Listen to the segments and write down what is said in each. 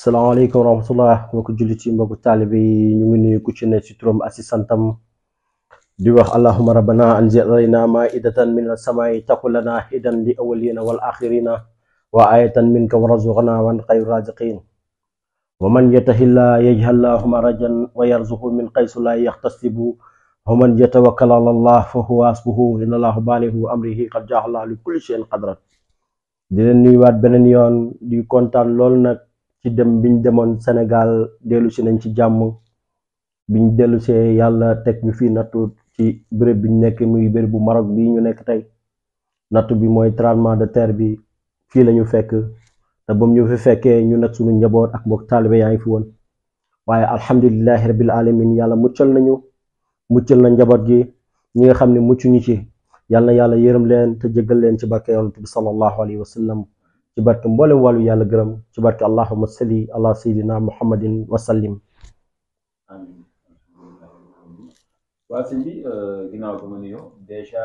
salaamaaleykum wa rahmatulah mbokk jullit yi mbokk taalibe yi ñu ngi nuyu ku ci ne ci turam ak ci santam di wax allahuma rabbana anzil alayna maidatan min as-samaa'i taqulana hidan li awwalina wal axirina wa ayatan minka warzuqna wa anta xayru raziqin wa man yatahilla yajhal lahu marajan wa yarzuqhu min qaysu la yaxtasibu wa man yatawakkal ala allah fa huwa hasbuhu inna allahu balighu amrihi qad ja'ala li kulli shay'in qadran di leen nuyuwaat beneen yoon di kontaan lool nag ci dem biñ demoon senegaal dellusi nañ ci jàmm biñ dellu see yàlla teg ñu fii nattu ci béréb biñ nekk muy béréb bu Maroc bi ñu nekk tey nattu bi mooy tremblement de terre bi fii lañu fekk te bam ñu fi fekkee ñu nag suñu njaboot ak mbokk taalibe yaa ngi fi woon waaye alhamdulilahi rabil alamin yàlla muccal nañu muccal na njaboot gi ñi nga xam ne mucc ñu ci yàlla na yàlla yërëm leen te jéggal leen ci barke yonent bi sallallahu alayhi wa sallam ci barke mboolem wàllu yàlla gërëm ci barke allahuma salli muhammadin wa bi ginnaaw ko ma nuyoo dèjà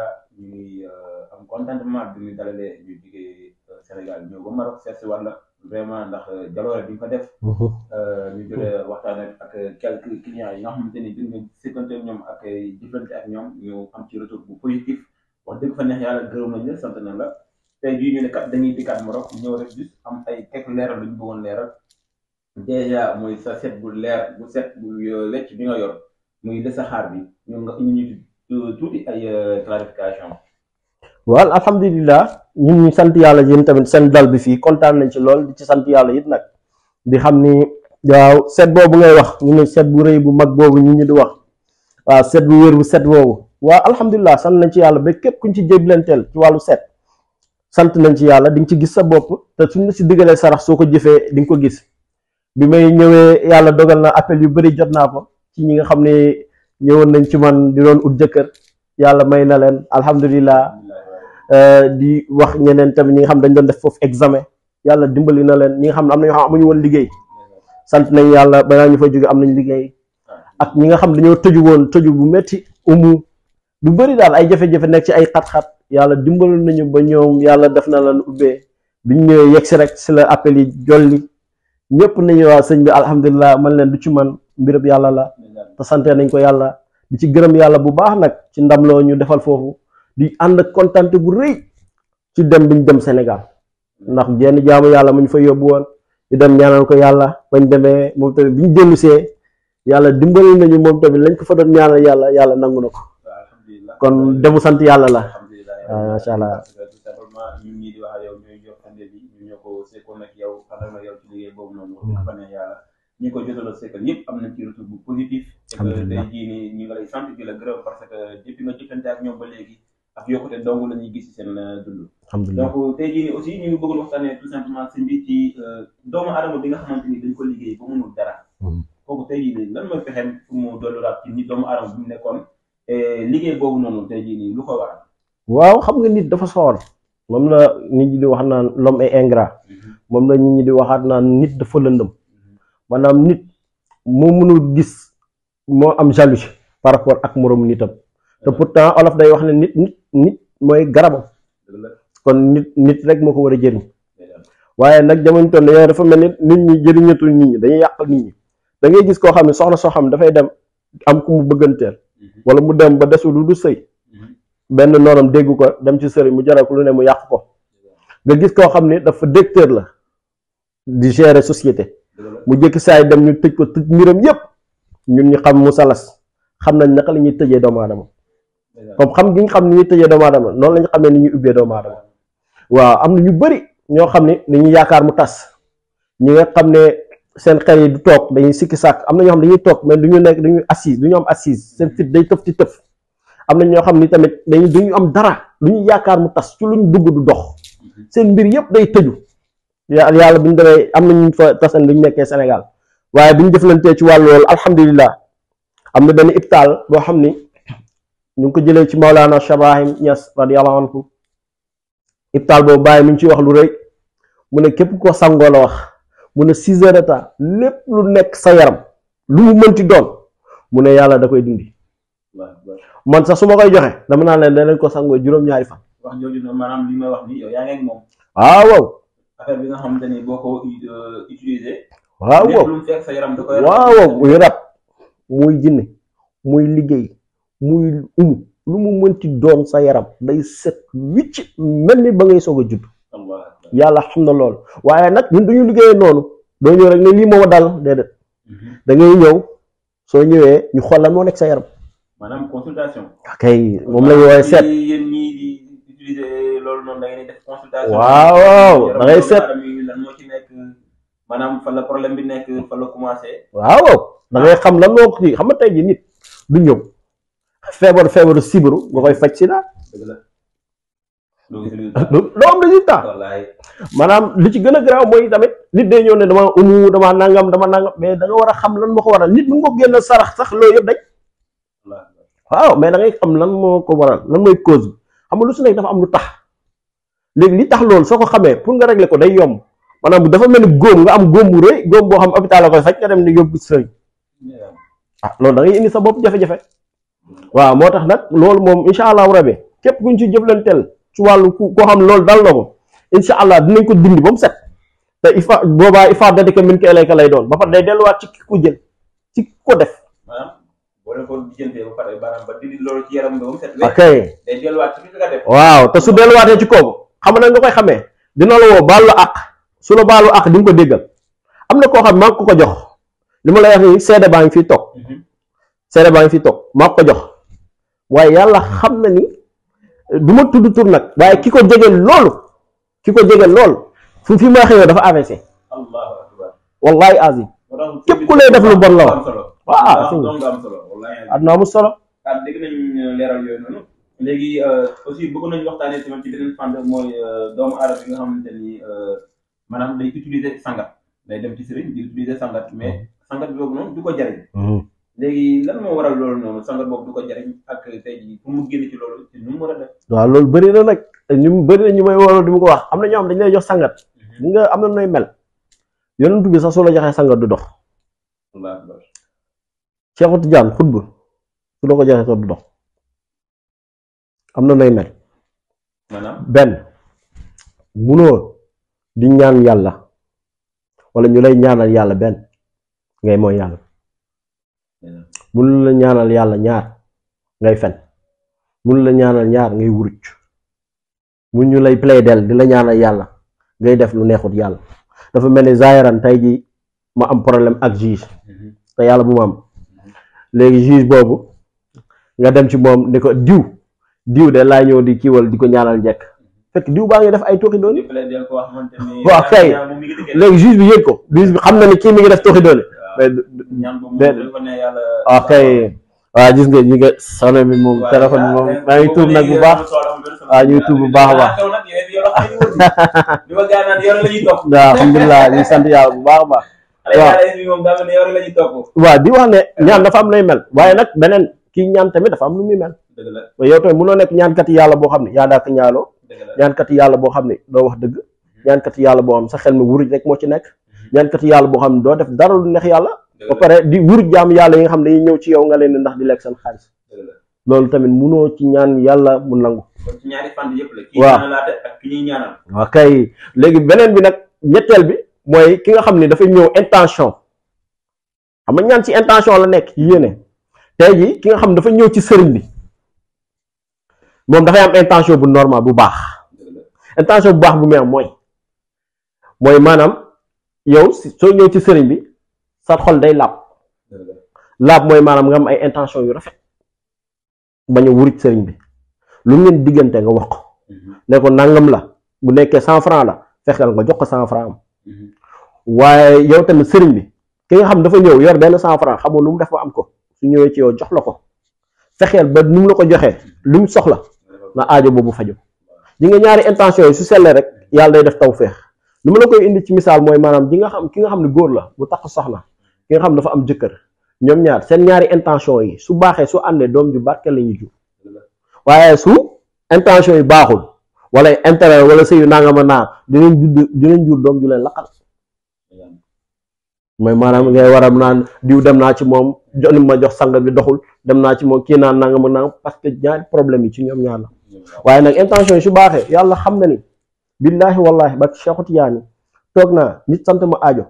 am contentement bi ñu dalalee ñu jigee Sénégal ñëw ba Maroc seet si wàlla vraiment ndax jaloore bi def ñu jëlee waxtaan ak quelques clients yi nga ni jur nga sékkante ñoom ak jëflante ak am ci retour positif wax dëgg ay quelques leeral leer bu set bu euh, saxaar bi ñu nga ñu ñun euh, euh, ñu sant yàlla yéen tamit seen dal bi fii kontaan nañ ci lool ci sant yàlla yit nag di xam ni waaw set boobu ngay wax ñu ne set bu rëy bu mag boobu ñu ñu di wax waaw set bu wér bu set boobu waaw alhamdulilah sant nañ ci yàlla ba képp kuñ ci jéblanteel ci wàllu seet sant nañ ci yàlla di ci gis sa bopp te suñ la si diggalee sarax soo ko jëfee di nga ko gis bi may ñëwee yàlla dogal na appel yu bëri jot naa ko ci ñi nga xam ne ñëwoon nañ ci man di doon ut jëkkër yàlla may na leen alhamdulilah euh, di wax ñeneen tamit ñi nga xam dañ doon def foofu examen yàlla dimbali na leen ñi nga xam ne am nañu xam amuñu woon liggéey sant nañ yàlla balaa ñu fa jóge am nañ liggéey ak ñi nga xam dañoo tëju woon tëju bu metti umu Dumbari bari dal ay jafé jafé nek ci ay khat khat yalla dimbal nañu ba ñoom yalla def na lan ubbé biñ ñëwee yegg si rek ci la appel yi jolli ñepp nañu wa señ bi man leen du ci man mbirub yalla la ta santé nañ ko yalla di ci gërëm yalla bu baax nak ci ndam lo ñu defal fofu di and ak kontante bu reuy ci dem biñ dem Sénégal ndax jenn jaamu yalla mu fa yobbu won di dem ñaanal ko yalla bañ démé mom tamit biñ dellusee yalla nañu mom tamit lañ ko fa doon ñaanal yalla yalla nangunako kon demu sant yàlla la waaw macha allah ñun ñii di wax ak yow ñooy jox ande ñoo ko sekkoon ak yow àndal ak yow ci liggéey ko jotal a sekkal ñëpp am na ci retour bu positif tey jii ni ñu sant di la gërëm parce que depuis nga jëfante ak ñoom ba léegi ak yokkute dong la ñuy gis seen dund alhamdulilah donc tey jii ni ñu ngi bëggoon waxtaanee tout simplement sëñ bi ci euh, doomu aadama bi nga xamante ni dañ ko liggéey ba mënul dara mm-hmm. kooku tey jii ni lan mooy fexeem pour dollu bi mu nekkoon Eh, liggéey boobu noonu waaw xam nga nit dafa soor moom la nit ñi di wax naan l'homme est ingrat mm-hmm. moom la nit ñi di waxaat naan nit dafa lëndëm mm-hmm. maanaam nit moo mënul gis moo am jalousie par rapport ak moroom nitam te pourtant olof day wax ne nit nit nit mooy garabam kon nit nit rek moo ko war a jëriñ waaye nag jamono toon dañoo dafa mel nit ñu jëriñatul nit ñi dañuy yàqal nit ñi da ngay gis koo xam ne soxla soo xam dafay dem am ku mu bëgganteel. wala mu dem ba desul lu du sëy benn noonam dégg ko dem ci sëriñ mu jaral ko lu ne mu yàq ko nga gis koo xam ne dafa directeur la di gere société mu jëkki saay dem ñu tëj ko tëj mbiram yëpp ñun ñu xam mu salas xam nañ naka la ñuy tëjee doomu aadama ko xam gi xam ni ñuy tëjee doomu aadama noonu la ñu xamee ni ñuy ubbee doomu aadama waaw am na ñu bëri ñoo xam ne dañuy yaakaar mu tas ñi nga xam ne seen xel yi du toog dañuy sikki sàkk am na ñoo xam dañuy toog mais du ñu nekk du ñu assise du ñu am assise seen fit day tëf ci tëf am na ñoo xam ni tamit dañu du am dara du ñu yaakaar mu tas ci lu ñu dugg du dox seen mbir yëpp day tëju yàlla bu ñu demee am na ñu fa tasan lu ñu nekkee senegal waaye bu ñu jëflantee ci wàll loolu alhamdulilah am na benn ibtaal boo xam ni ñu ngi ko jëlee ci Maulana Cheikh Ibrahim Niass radiyallahu anhu ibtaal boobu bàyyi mi ngi ciy wax lu rëy mu ne képp ko sangoo la wax. mu ne six heures lépp lu nekk sa yaram lu mu mënti doon mu ne yàlla da koy dindi man sax su ma koy joxe dama naan leen da leen ko sangoo juróom-ñaari fan. wax ma wax nii yow ah, nga xamante ni boo euh, ah, ah, muy rab muy jinne muy liggéey muy umu lu mu mënti doon sa yaram day set wicc mel ni ba ngay soog a judd. yàlla xam na loolu waaye nag ñun duñu liggéeyee noonu doo ñëw rek ne lii moo dal déedéet mhm. da ngay ñëw soo ñëwee ñu xool lan nekk sa yaram. maanaam ah, moom la ñu woowee seet. waaw waaw ngay seet lan moo ci nekk maanaam fan la la commencé. waaw ah. da xam lan moo ko kii nit du ñëw feebar feebaru sibiru nga koy faj si daal. doo am résultat maanaam li ci gën a garaaw mooy tamit nit de ñëw ne dama umu dama nangam dama nangam mais da war a xam lan moo ko waral nit mën ko génn sarax sax loolu yëpp daj waaw mais da ngay xam lan moo ko waral lan mooy cause bi xam nga lu su nekk dafa am lu tax léegi li tax loolu soo ko xamee pour nga régler ko day yomb maanaam dafa mel ni góom nga am góom bu rëy boo xam hôpital la koy faj nga dem ni yóbbu sëriñ ah loolu da ngay sa bopp jafe-jafe waaw moo tax nag loolu moom incha allahu rabi képp kuñ ci jëflanteel ci wàllu ku koo xam loolu dal na ko incha allah dinañ ko dindi ba mu set te ifa boobaa ifa da di ko min ko elayka lay doon ba pare day delluwaat ci ki ko jël ci ki ko def. ok waaw te su delluwaatee ci kooku xam nga nga koy xamee dina la woo baalu àq su la baalu àq di nga ko déggal am na koo xam maa ngi ko ko jox li ma lay wax nii seede baa ngi fiy toog mhm. seede baa ngi fiy toog maa ko jox waaye yàlla xam na ni. du ma tudd tur nag waaye ki ko jege loolu ki ko jege loolu fu fi ma xëyoo dafa AVC wallahi azim képp ku lay def lu bon la wax waaw adduna amul solo waaw ah, dégg nañ euh, leeral yooyu noonu léegi euh, aussi bëgg nañu waxtaanee tamit ci beneen mooy euh, doomu aadama yi nga xamante ni maanaam day utiliser sangat day dem ci sëriñ di utiliser sangat mais mm-hmm. sangat boobu noonu du ko jariñ mm-hmm. léegi lan moo waral loolu noonu sangal boobu du ko jariñ ak tey waaw loolu bëri na nag ñu na ñu may waral di ma ko wax am na ñoo xam dañu jox sangat. li mhm. nga am na nooy mel. yonent bi sax soo la joxee sangat du dox. waaw waaw. Cheikh Tidiane xutba su la ko joxee sax du dox am na nooy mel. benn munoo di ñaan yàlla wala ñu lay ñaanal yàlla benn ngay mooy yàlla. mënul la ñaanal yàlla ñaar ngay fen mënul la ñaanal ñaar ngay wuruj mun ñu lay plaidel di la ñaanal yàlla ngay def lu neexut yàlla dafa mel ni zaayaran tey ji ma am problème ak juge mm-hmm. te yàlla bu ma am léegi juge boobu nga dem ci moom ni ko diw diw de laa ñëw di kiiwal di ko ñaanal njëkk fekk diw baa ngi def ay tooxi doone waaw kay léegi juge bi yëg ko juge bi xam na ni kii mi ngi def tooxi doone waa ah, kay waaw gis nga ñu nga bi moom téléphone bi moom maa ngi tuub bu baax waaw ah, ñuy tuub bu baax a baax ah, waaw alhamdulilah ñu sant yàlla bu waaw waaw di wax ne ñaan dafa am lay mel waaye nag beneen kii ñaan tamit dafa am lu muy mel yow tamit mënoo nekk ñaankati yàlla boo xam ne yaa daak ñaaloo ñaankati yàlla boo xam ne doo wax dëgg mhm. ñaankati yàlla boo xam sa xel mi wuruj rek moo ci nekk mhm. ñaankati yàlla boo xam ne doo def dara lu neex yàlla ba pare di wur jaam yàlla yi nga xam ne dañuy ñëw ci yow nga leen di ndax di lekk seen xaalis loolu tamit munoo ci ñaan yàlla mu nangu. kon ci kay léegi beneen bi nag ñetteel bi mooy ki nga xam ne dafa ñëw intention xam nga ñaan ci intention la nekk yéene tey jii ki nga xam dafa ñëw ci sëriñ bi moom dafay am intention bu normal bu baax intention bu baax bu meex mooy mooy maanaam yow soo ñëw ci sëriñ bi. sa xol day laab laab mooy maanaam nga am ay intention yu rafet bañ wurit sëriñ bi lu ngeen diggante nga wax ko mm-hmm. ne ko la bu nekkee cent franc la fexeel nga jox ko cent franc am mm-hmm. waaye yow tamit sëriñ bi ki nga xam dafa ñëw yor benn cent franc xamoo lu mu def ba am ko su ñëwee ci yow jox la ko fexeel ba nu mu la ko joxee lu mu soxla na aajo boobu faju ji nga ñaari intention yi su sellee rek yàlla day def taw feex lu mu la koy indi ci misaal mooy maanaam ji nga xam ki nga xam ne góor la bu tax soxna ki nga xam dafa am jëkkër ñoom ñaar seen ñaari intention yi su baaxee su àndee doom ju barke la ñu jur waaye su intention yi baaxul wala intérêt wala sëyu nanga ma naa dinañ judd dinañ jur doom ju leen laqal mooy maanaam ngay waram naan diw dem naa ci moom jonim ma jox sangam bi doxul dem naa ci moom kii naan nanga ma naa parce que ñaari problème yi ci ñoom ñaar la waaye nag intention yi su baaxee yàlla xam na ni billaahi wallaahi ba Cheikhu Tijaani toog naa nit sant ma aajo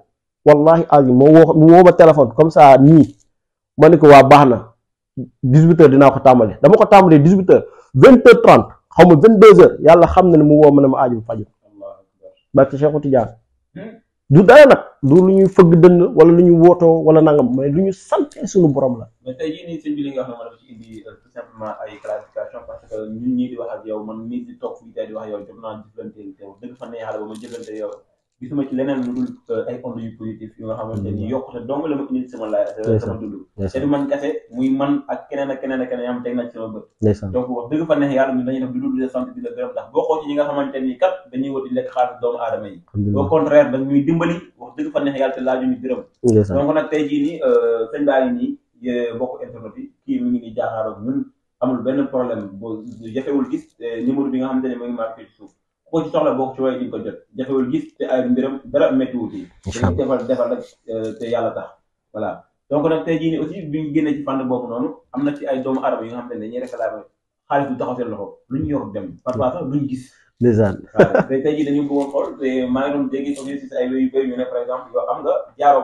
wallahi azim moo woo mu woo téléphone comme sa nii ma ne ko waa baax na 18 dinaa ko tàmbali dama ko tàmbalee 18 heures 20 heures xaw ma 22 heures yàlla xam na ne mu woo ma ne ma aaju faju barke Cheikhu Tidiane du dara nag du lu ñuy fëgg dënn wala lu ñu wootoo wala nangam mais lu ñu sante suñu borom la. ci indi euh, tout ak yow man mii di wax ak ma jëflante yow. gisuma ci leneen lu dul euh, ay ondes yu positif yu nga xamante ni mm-hmm. yokkute dong la ma indi sama la sama dund te du man kese muy man ak keneen ak keneen ak keneen am teg na dul de sant bi la gërëm boo xoolee ñi nga xamante ni kat dañuy wut di lekk xaalis doomu aadama yi au contraire dañ ñuy dimbali wax dëgg fa neex yàlla te laaju ñu gërëm donc nag tey jii nii euh, sëñ baa nii bokk internet yi kii mi ngi nii jaaxaaroog ñun amul benn problème boo jafewul gis euh, numéro bi nga xamante ne moo suuf ko ci soxla bokk ci waaye di ko gis te ay mbiram dara méttiwut yi dañuy defal defal rek euh, te yàlla tax voilà donc nag tey jii nii aussi bi ñu génnee ci fànn boobu am na ci ay doomu arab yi nga xam ne dañuy réclamer xaalis bu loxo lu ñu dem parfois sax lu gis dèjà waaw te tey jii dañu bëggoon xool te maa ngi doon dégg aussi nga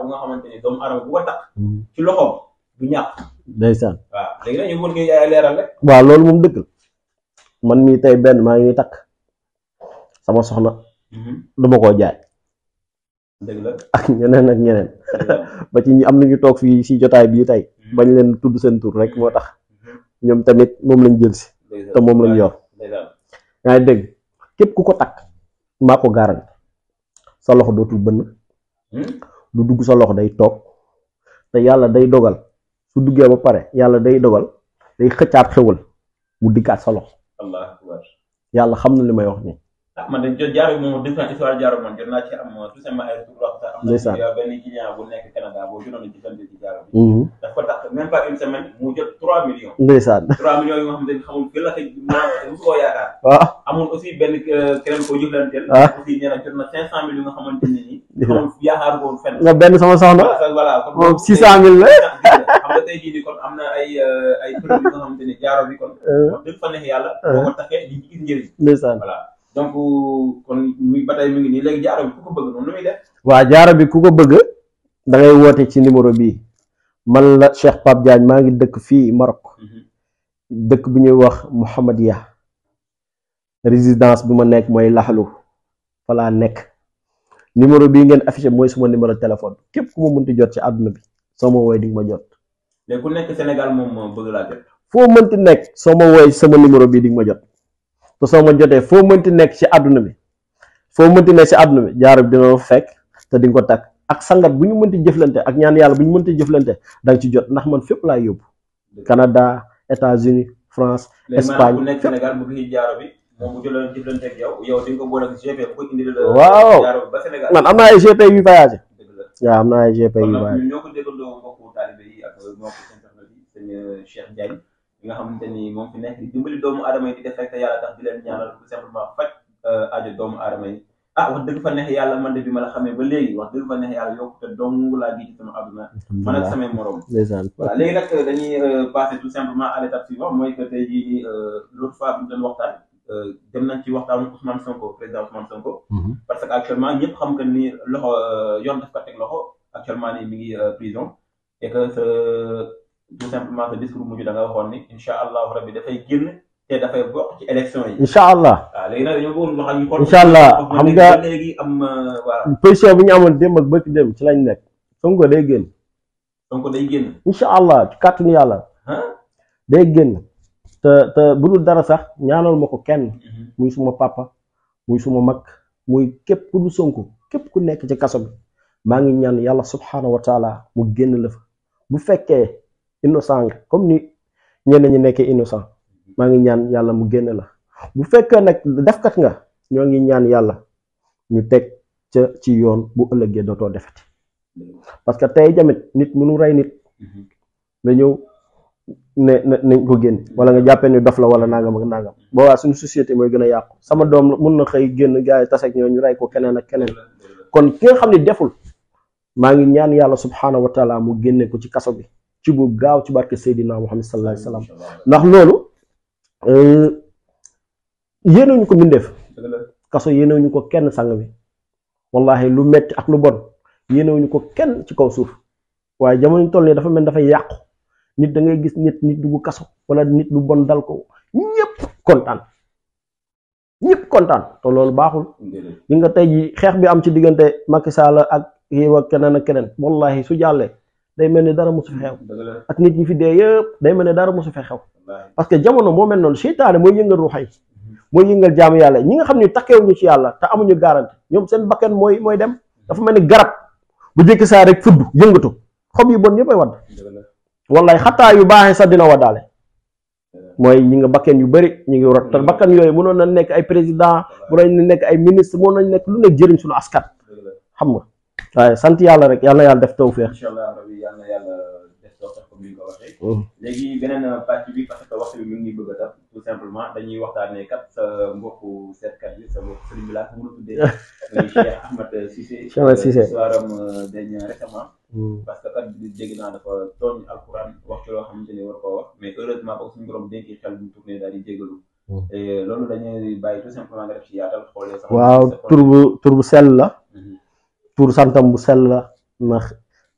bu nga xamante ne doomu aadama bu ko takk mm-hmm. ci loxoom du ñàkk ndeysaan waaw léegi nag ñu bëgg leeral rek waaw loolu moom dëgg man mii tey benn maa ngi takk sama soxna du mm-hmm. ma jaay ak ñeneen ak ñeneen ba ci ñi am nañu toog fii si jotaay bii tey mm-hmm. bañ leen tudd seen tur rek moo tax mm-hmm. ñoom tamit moom lañ jël si te moom lañ yor yaa ngi dégg képp ku ko tak maa ko garanti sa loxo dootul bënn lu dugg sa loxo day toog te yàlla day dogal su duggee ba pare yàlla day dogal day xëccaat xewal mu dikkaat sa loxo yàlla xam na li may wax nii ah man de jaaroo moom def naa histoire jaaroo moom jot naa ci am tout simplement ay retour wax sax am na benn client bu nekk Canada boo jotoon ci jënd ci jaaroo bi mhm. dafa tax même pas une semaine mu jot trois millions ndeysaan trois millions yi nga xam ne xamul fi la ko mosu koo yaakaar waaw ah. amul aussi benn keneen koo jëflanteel aussi nee na jot na cinq cent mille yi nga xamante ne nii xamul yaakaar ko fenn nga benn sama soxna voilà moom six cent mille la xam nga tey jii nii kon am na ay euh, ay produit yi nga xamante ne jaaroo bi kon euh. dëgg fa neex yàlla euh. boo ko taxee ñu gis njëriñ ndeysaan voilà donc euh, kon mi ba mi ngi nii léegi jaaro bi ku ko bëgg noonu lu muy def. waaw jaaro bi ku ko bëgg da ngay woote ci numéro bii man la Cheikh Pape Diagne maa ngi dëkk fii Maroc mhm. dëkk bu ñuy wax Mouhamadia résidence bu ma nekk mooy Laxalu fa laa nekk numéro bii ngeen affiché mooy suma numéro téléphone képp ku ma mënti jot ci àdduna bi soo ma woowee di nga ma jot. mais ku nekk Sénégal moom bëgg laa jot. foo mënti nekk soo ma woowee sama numéro bii di ma jot. te soo ma jotee foo mënti nekk ci àdduna bi foo mënti nekk ci àdduna bi jaaro bi dina la fekk te di ko takk ak sangat bu ñu mënti jëflante ak ñaan yàlla bu ñu mënti jëflante da nga ci jot ndax man fépp laay yóbbu Canada États-Unis France Espagne waaw man am naa ay GP yu voyagé waaw am naa ay GP yu voyagé yi nga xamante ni moom fi nekk di dimbali doomu aadama yi di defek rek te yàlla tax di leen ñaanal tout simplement faj euh, aajo doomu aadama yi ah wax dëgg fa neex yàlla man de bi ma la xamee ba léegi wax dëgg fa neex yàlla yokkute dong laa gis ci sama aduna man ak samay morom waaw léegi nag euh, dañuy euh, passer tout simplement à l'étape suivante mooy que tey jii l'autre fois bu ñu doon waxtaan dem nañ ci waxtaan Ousmane Sonko président Ousmane Sonko mm-hmm. parce que actuellement ñëpp xam que ni loxo yoon daf ko teg loxo actuellement nii mi ngi prison et que tout simplement que discours mujj da nga waxoon ni incha allahu rabbi dafay génn te dafay bokk ci élection yi. incha allah waaw léegi nag dañoo bëggoon wax ak ñu. allah xam nga léegi am voilà. position bu ñu amoon démb ak bëkk dem ci lañ nekk Sonko day génn. Sonko day génn. incha allah ci kàttanu yàlla. day génn te te bu dul dara sax ñaanal ma ko kenn. muy suma papa muy suma mak, muy kep ku du Sonko képp ku nekk ci kaso bi maa ngi ñaan yàlla subhanahu wa taala mu génn la fa bu fekkee. innocent nga comme ni ñenn ñi nekkee innocent maa ngi ñaan yàlla mu génn la bu fekkee nag defkat nga ñoo ngi ñaan yàlla ñu teg ca ci yoon bu ëllëgee dootoo defati parce que tey tamit nit mënu rey nit nga ñëw ne nañ ko génn wala nga jàppee ni dof la wala nangam ak nangam boobaa suñu société mooy gën a yàqu sama doom mun na xëy génn gars yi taseeg ñoo ñu rey ko keneen ak keneen kon ki nga xam ne deful maa ngi ñaan yàlla subhanahu wa ko ci kaso bi ci bu gaaw ci barke Seydina Muhammad sallallahu alayhi wasallam ndax loolu euh, yéenewuñu ko mbindeef kaso yéenewuñu ko kenn sang bi wallahi lu metti ak lu bon yéenewuñu ko kenn ci kaw suuf waaye jamono ñu toll nii dafa mel dafay yàqu nit da ngay gis nit nit dugg kaso wala nit lu bon dal ko ñëpp kontaan ñëpp kontaan te loolu baaxul li nga tey xeex bi am ci diggante Macky Sall ak yow keneen ak keneen wallahi su jàllee day mel ni dara mosu fi xew ak nit ñi fi dee yëpp day mel ni dara mosu fi xew parce que jamono moo mel noonu seytaane mooy yëngal ruuxay mooy yëngal jaamu yàlla ñi nga xam ne takkewuñu ci yàlla te amuñu garanti ñoom seen bakkan mooy mooy dem dafa mel ni garab bu jékki saa rek fudd yëngatu xob yu bon yëpp ay wadd wallaay xataa yu baaxee sax dina waddaale mooy ñi nga bakken yu bari ñu ngi rot te bakkan yooyu mënoon na nekk ay président mënoon na nekk ay ministre mënoon nañ nekk lu nekk jëriñ suñu askan xam nga waaye sant yàlla rek yàlla yàlla def tawfeex. incha allah rabi yàlla yàlla def tawfeex comme mm. léegi beneen euh, pàcc bi parce que waxtu bi mu ngi bëgg a tax tout simplement dañuy waxtaanee kat sa mbokku seetkat bi sa mbokku sëriñ bi laa ko mën kat dégg naa dafa tooñ alquran wax ci loo xamante ni war koo wax mais heureusement ba suñu borom dénki xel bu mu daal di jégalu. Mm. loolu dañuy bàyyi tout simplement nga def ci yaatal xoolee. waaw tur bu tur bu sell la. tour santam bu la ndax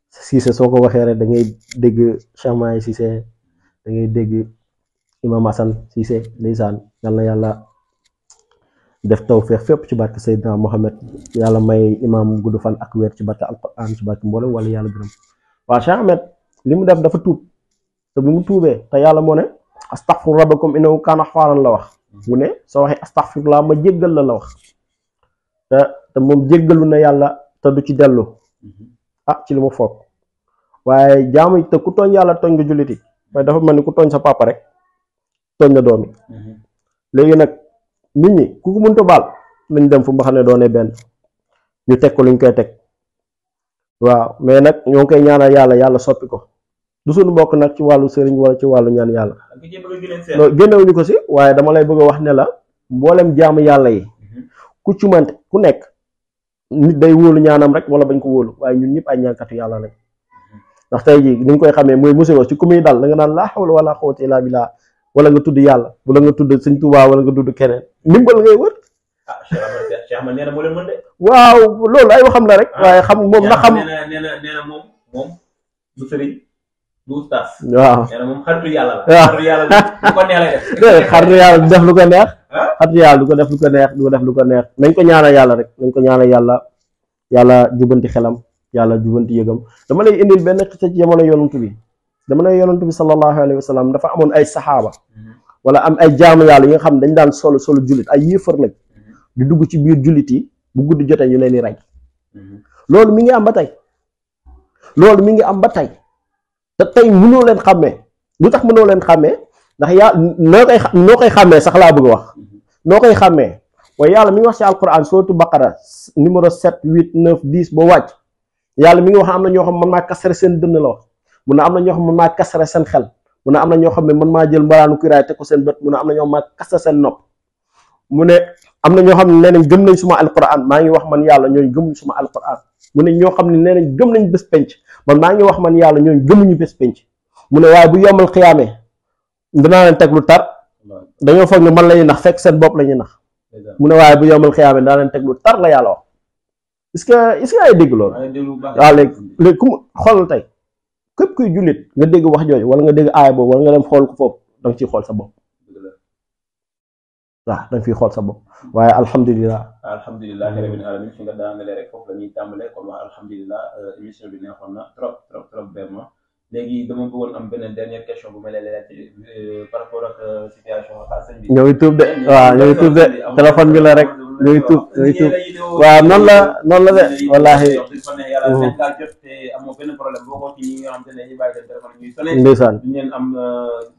si se soko waxe rek da ngay deg Cheikh si se da ngay deg Imam Hasan si se lisan, yalla yalla def tawfiq fep ci barke Seydina muhammad yalla may imam Gudufan fan ak wer ci barke alquran ci barke mboolem wala yalla gërëm wa Cheikh Ahmed li def dafa tout te bimu toubé tuubee te yàlla moo ne astaghfir rabbakum innahu kana khawaran la wax mu ne waxe astaghfir astaghfirullah ma jéggal la la wax te te jéggalu na yalla te du ci dellu mhm. ah ci li ma foog waaye jaamu te ku tooñ yàlla tooñ nga julliti mais dafa mel ni ku tooñ sa papa rek tooñ na doomi mhm. léegi nag nit ñi ku ko mënta baal nañ dem fu mu xam ne doone benn ñu teg ko luñ koy teg waaw mais nag ñoo ngi koy ñaanal yàlla yàlla soppi ko du suñu mbokk nag ci wàllu sëriñ wala ci wàllu ñaan yàlla génnewuñu ko si waaye dama lay bëgg a wax ne la mboolem jaamu yàlla yi mhm. ku ci ku nekk nit day wóolu ñaanam rek wala bañ ko wóolu waaye ñun ñëpp ay ñaankatu yàlla lañ ndax tey jii ni ñu koy xamee mooy musiba ci ku muy dal da nga naan laa hawla wala quwwata bi billah wala nga tudd yàlla wala nga tudd sëñ Tuubaa wala nga tudd keneen ndimbal ngay wër. ah Cheikh waaw loolu ay waxam la rek. Ah, waaye xam moom na xam waaw xaritu yàlla la. waaw ko neex. xaritu yàlla du ko def lu ko neex du ko def lu ko neex nañ ko ñaanal yàlla rek nañ ko ñaanal yàlla yàlla jubanti xelam yàlla jubanti yëgam dama lay indil benn xisa ci jamono yonantu bi dama lay yonantu bi sallallahu alayhi wa sallam dafa amoon ay saxaaba wala am ay jaamu yàlla yi nga xam dañ daan solo solo jullit ay yéefar nag di dugg ci biir jullit yi bu guddi jotee ñu leen di rey loolu mi ngi am ba tey loolu mi ngi am ba tey te tey mënoo sax laa bëgg a wax noo koy xàmmee waaye yàlla mi ngi wax ci alquran suratu baqara numéro 7 8 9 10 ba wàcc yàlla mi ngi wax am na ñoo xam man maa kasare seen dënn la wax mun na am na ñoo xam man maa kasare seen ñoo xam ne man maa jël mbalaanu kuraay te ko seen bët am na ñoo xam maa mu ne am na ñoo xam ne nee nañ gëm nañ suma alquran maa ngi wax man yàlla ñooñ gëmuñ suma alquran mu ne ñoo xam ne nee nañ gëm nañ bés penc man maa ngi wax man yàlla ñooñ gëmuñu bés penc mu ne waaye bu yombal xiyaamee danaa leen teg lu tar dañoo foog ne man la ñuy nax fekk seen bopp la ñuy nax mu ne waaye bu yomal xiyaame daa teg lu tar la yàlla wax est-ce que est-ce que ay dégg loolu waaw léegi léegi ku mu tey képp kuy jullit nga dégg wax jooju wala nga dégg aaya boobu wala nga dem xool ko foofu da nga ciy xool sa bopp waaw da nga xool sa bopp waaye alhamdulilah alhamdulilah rabbil alamin léegi dama bëggoon am bi. de téléphone bi la rek ñooy tuub ñooy tuub waaw la noonu la de wallaahi. ndeysaan.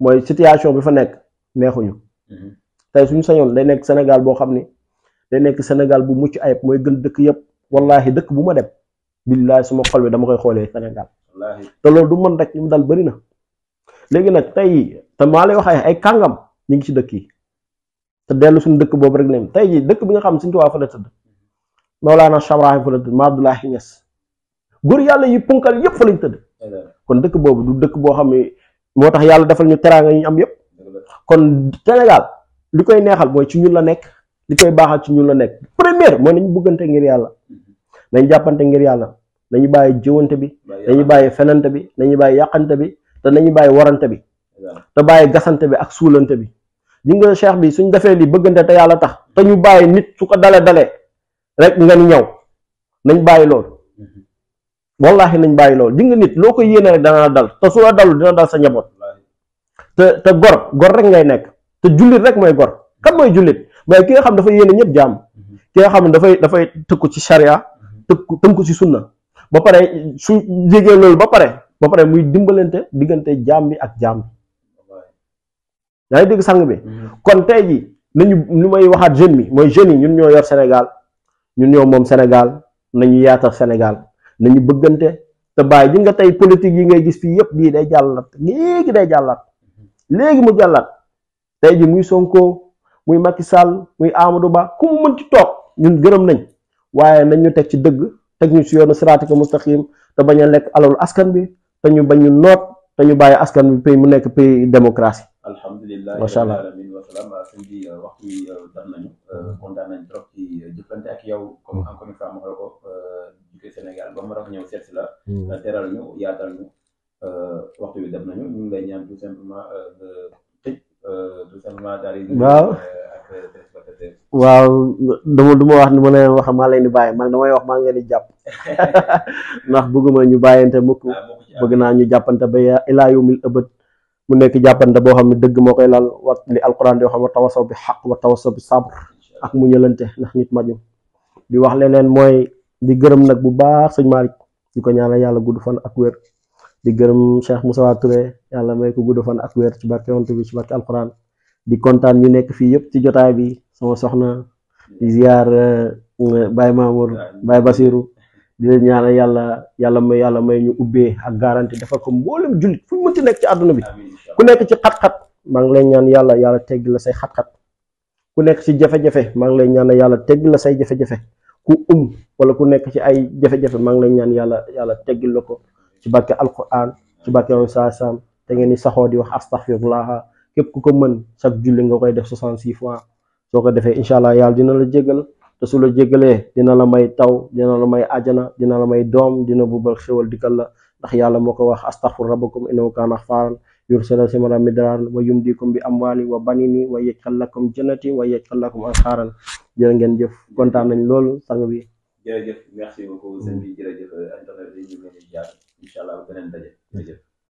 mooy situation bi fa nekk neexuñu mhm. tey suñ sañoon day nekk Sénégal boo xam ni day nekk Sénégal bu mucc ayib mooy gën dëkk yëpp wallaahi dëkk bu ma dem billaahi suma xol bi dama koy xoolee Sénégal te loolu du man rek ñu dal bëri na léegi nag tey te maa lay wax ay kàngam ñu ngi ci dëkk yi te dellu suñ dëkk boobu rek ne tey jii dëkk bi nga xam suñu tubaab fa la tëdd mhm. Mawlaana Cheikh Ibrahim fa la tëdd Maam Abdoulaye Niass góor yàlla yi punkal yëpp fa lañ kon dëkk boobu dëkk boo xam ne moo tax yàlla defal ñu teraanga yi ñu am yëpp kon Sénégal li koy neexal mooy ci ñun la nekk li koy baaxal ci ñun la nekk première mooy nañu bëggante ngir yàlla nañ jàppante ngir yàlla dañu bàyyi jëwante bi dañu bàyyi fenante bi nañu bàyyi yàqante bi te nañu bàyyi warante bi te bàyyi gasante bi ak suulante bi ñu nga cheikh bi suñ defee li bëggante te yàlla tax te ñu bàyyi nit su ko dalee dale rek nga ni ñëw nañ bàyyi lool wallahi nañ bàyyi loolu di nga nit loo ko yéene rek danaa dal te su la dalul dina dal sa njaboot te te gor gor rek ngay nekk te jullit rek mooy gor kan mooy jullit mais ki nga xam dafa yéene ñëpp jàmm ki nga xam ne dafay dafay tëkku ci charia tëkku tënku ci sunna ba pare su jégee loolu ba pare ba pare muy dimbalante diggante jaam bi ak jaam bi yaa ngi dégg sang bi mm-hmm. kon tey ji nañu lu may waxaat jeune bi mooy jeunes yi ñun ñoo yor senegal ñun ñoo moom Sénégal nañu yaatal Sénégal nañu bëggante te bay ji nga tay politique yi ngay gis fi yépp lii day jallat légui day jallat légui mu jallat tay ji muy Sonko muy Macky Sall muy Amadou Ba ku mu mën ci tok ñun gëreem nañ waye nañu tek ci dëgg tek ñu ci yoonu siraatika mustaqim te baña lek lekk askan bi te ñu bañu note noot te ñu baye askan bi pays mu nekk pays démocratie. alhamdulillah macha alamin wa salaam sëñ waxtu yi daf nañu euh, kontaan nañ trop ci euh, jëflante ak yow comme hmm. encore une fois ma ko euh, biir Sénégal ba Maroc ñëw seet si la. Hmm. Euh, la euh, euh, waaw ak waaw wax ni ma leen wax maa leen bàyyi man damay wax maa leen jàpp ndax bëgguma ñu bàyyante mukk ah, ah. bëgg naa ñu jàppante ba ilaa yawmil abad mu nekk jàppante boo xam ne dëgg moo koy lal wa li alquran di wax wa tawasaw bi xaq wa tawasaw bi sabr ak muñalante ndax nit maju di wax leneen mooy. Ya, ya, di gërëm nak bu baax seigne malik di ñaanal yalla guddu fan ak wër di gërëm Cheikh Moussa Touré yalla may ko guddu fan ak wër ci barke wonte bi ci barke alcorane di kontan ñu nekk fi yépp ci jotaay bi sama soxna di ziar Baye Mamour Baye Basirou di leen ñaanal yalla yalla may yalla may ñu ubbé ak garantie dafa ko mbolum julit fu ci nekk ci aduna bi ku nekk ci xat-xat ma ngi leen ñaan yalla yalla tegg la say xat-xat ku nekk ci jafé jafé ma ngi leen ñaan yalla tegg la say jafé jafé ku um wala ku nekk ci ay jafe-jafe maa ngi lay ñaan yàlla yàlla teggil la ko ci barke alquran ci barke yow saa saam te ngeen di saxoo di wax astaghfirullaha képp ku ko mën chaque julli nga koy def 66 fois soo ko defee incha allah yàlla dina la jégal te su la jégalee dina la may taw dina la may ajana dina la may doom dina bubal xéwal dikal la ndax yàlla moo ko wax astaghfir rabbakum innahu kaana xafaaran yursala simaram midraar wa yumdikum bi amwaali wa banini wa yaj'al lakum jannati wa yaj'al lakum anhaaran jërë ngeen jëf kontaan nañ loolu sang bi jërëjëf merci beaucoup di jaar incha allah beneen